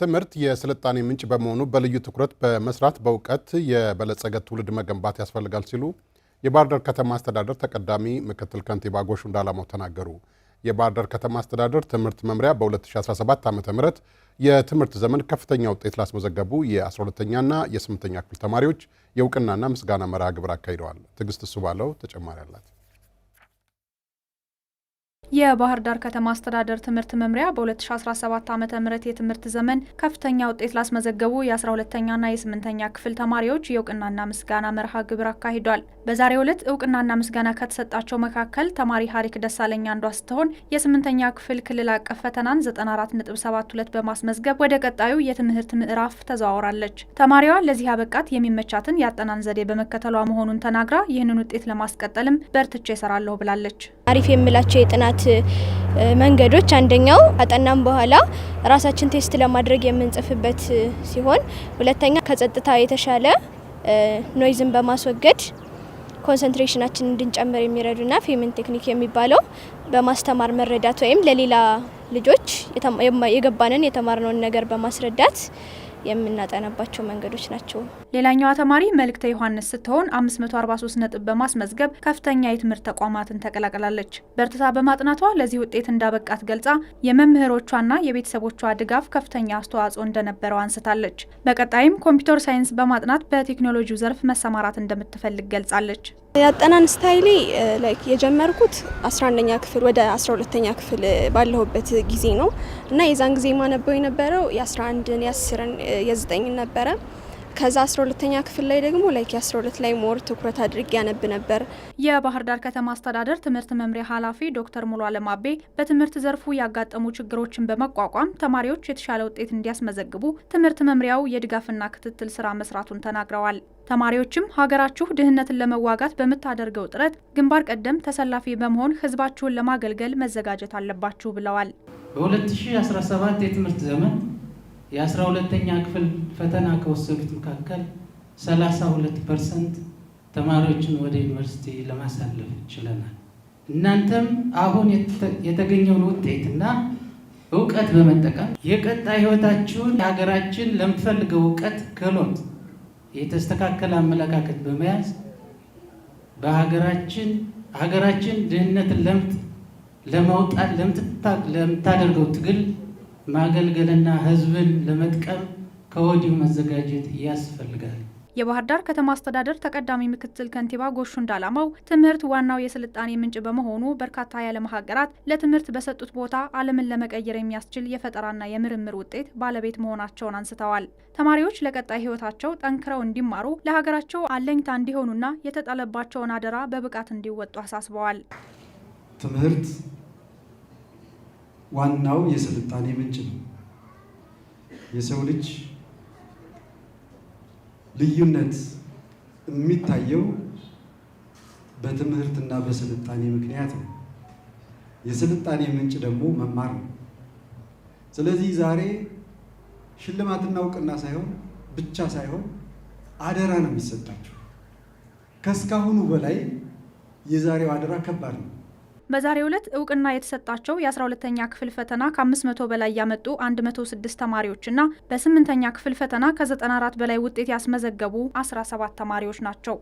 ትምህርት የስልጣኔ ምንጭ በመሆኑ በልዩ ትኩረት በመስራት በእውቀት የበለጸገ ትውልድ መገንባት ያስፈልጋል ሲሉ የባሕር ዳር ከተማ አስተዳደር ተቀዳሚ ምክትል ከንቲባ ጎሹ እንዳላማው ተናገሩ። የባሕር ዳር ከተማ አስተዳደር ትምህርት መምሪያ በ2017 ዓ ም የትምህርት ዘመን ከፍተኛ ውጤት ላስመዘገቡ የ12ኛና የ8ኛ ክፍል ተማሪዎች የእውቅናና ምስጋና መርሃ ግብር አካሂደዋል። ትዕግስት እሱ ባለው ተጨማሪ አላት። የባህር ዳር ከተማ አስተዳደር ትምህርት መምሪያ በ2017 ዓ ም የትምህርት ዘመን ከፍተኛ ውጤት ላስመዘገቡ የ12ተኛና የ8ኛ ክፍል ተማሪዎች የእውቅናና ምስጋና መርሃ ግብር አካሂዷል። በዛሬው ዕለት እውቅናና ምስጋና ከተሰጣቸው መካከል ተማሪ ሀሪክ ደሳለኝ አንዷ ስትሆን የ8ኛ ክፍል ክልል አቀፍ ፈተናን 94.72 በማስመዝገብ ወደ ቀጣዩ የትምህርት ምዕራፍ ተዘዋውራለች። ተማሪዋ ለዚህ አበቃት የሚመቻትን የአጠናን ዘዴ በመከተሏ መሆኑን ተናግራ ይህንን ውጤት ለማስቀጠልም በርትቼ እሰራለሁ ብላለች። አሪፍ የምላቸው የጥናት መንገዶች አንደኛው አጠናም በኋላ ራሳችን ቴስት ለማድረግ የምንጽፍበት ሲሆን፣ ሁለተኛ ከጸጥታ የተሻለ ኖይዝን በማስወገድ ኮንሰንትሬሽናችን እንድንጨምር የሚረዱና ፌምን ቴክኒክ የሚባለው በማስተማር መረዳት ወይም ለሌላ ልጆች የገባንን የተማርነውን ነገር በማስረዳት የምናጠነባቸው መንገዶች ናቸው። ሌላኛዋ ተማሪ መልእክተ ዮሐንስ ስትሆን 543 ነጥብ በማስመዝገብ ከፍተኛ የትምህርት ተቋማትን ተቀላቅላለች። በርትታ በማጥናቷ ለዚህ ውጤት እንዳበቃት ገልጻ የመምህሮቿና የቤተሰቦቿ ድጋፍ ከፍተኛ አስተዋጽኦ እንደነበረው አንስታለች። በቀጣይም ኮምፒውተር ሳይንስ በማጥናት በቴክኖሎጂው ዘርፍ መሰማራት እንደምትፈልግ ገልጻለች። ያጠናን ስታይሌ ላይክ የጀመርኩት 11ኛ ክፍል ወደ 12ኛ ክፍል ባለሁበት ጊዜ ነው እና የዛን ጊዜ ማነበው የነበረው የ11ን የ10ን የ9ን ነበረ ከዛ 12 ኛ ክፍል ላይ ደግሞ ላይክ 12 ላይ ሞር ትኩረት አድርጌ ያነብ ነበር። የባህር ዳር ከተማ አስተዳደር ትምህርት መምሪያ ኃላፊ ዶክተር ሙሉ አለማቤ በትምህርት ዘርፉ ያጋጠሙ ችግሮችን በመቋቋም ተማሪዎች የተሻለ ውጤት እንዲያስመዘግቡ ትምህርት መምሪያው የድጋፍና ክትትል ስራ መስራቱን ተናግረዋል። ተማሪዎችም ሀገራችሁ ድህነትን ለመዋጋት በምታደርገው ጥረት ግንባር ቀደም ተሰላፊ በመሆን ህዝባችሁን ለማገልገል መዘጋጀት አለባችሁ ብለዋል። በ2017 የትምህርት ዘመን የአስራ ሁለተኛ ክፍል ፈተና ከወሰዱት መካከል 32 ፐርሰንት ተማሪዎችን ወደ ዩኒቨርሲቲ ለማሳለፍ ችለናል። እናንተም አሁን የተገኘውን ውጤትና እውቀት በመጠቀም የቀጣይ ህይወታችሁን ሀገራችን ለምትፈልገው እውቀት፣ ክህሎት፣ የተስተካከለ አመለካከት በመያዝ በሀገራችን ሀገራችን ድህነትን ለምት ለማውጣት ለምታደርገው ትግል ማገልገልና ህዝብን ለመጥቀም ከወዲሁ መዘጋጀት ያስፈልጋል። የባህር ዳር ከተማ አስተዳደር ተቀዳሚ ምክትል ከንቲባ ጎሹ እንዳላማው ትምህርት ዋናው የስልጣኔ ምንጭ በመሆኑ በርካታ የዓለም ሀገራት ለትምህርት በሰጡት ቦታ ዓለምን ለመቀየር የሚያስችል የፈጠራና የምርምር ውጤት ባለቤት መሆናቸውን አንስተዋል። ተማሪዎች ለቀጣይ ህይወታቸው ጠንክረው እንዲማሩ፣ ለሀገራቸው አለኝታ እንዲሆኑና የተጣለባቸውን አደራ በብቃት እንዲወጡ አሳስበዋል። ትምህርት ዋናው የስልጣኔ ምንጭ ነው። የሰው ልጅ ልዩነት የሚታየው በትምህርትና በስልጣኔ ምክንያት ነው። የስልጣኔ ምንጭ ደግሞ መማር ነው። ስለዚህ ዛሬ ሽልማትና እውቅና ሳይሆን ብቻ ሳይሆን አደራ ነው የሚሰጣቸው። ከእስካሁኑ በላይ የዛሬው አደራ ከባድ ነው። በዛሬው ዕለት እውቅና የተሰጣቸው የ12ተኛ ክፍል ፈተና ከ500 በላይ ያመጡ 106 ተማሪዎችና በስምንተኛ ክፍል ፈተና ከ94 በላይ ውጤት ያስመዘገቡ 17 ተማሪዎች ናቸው።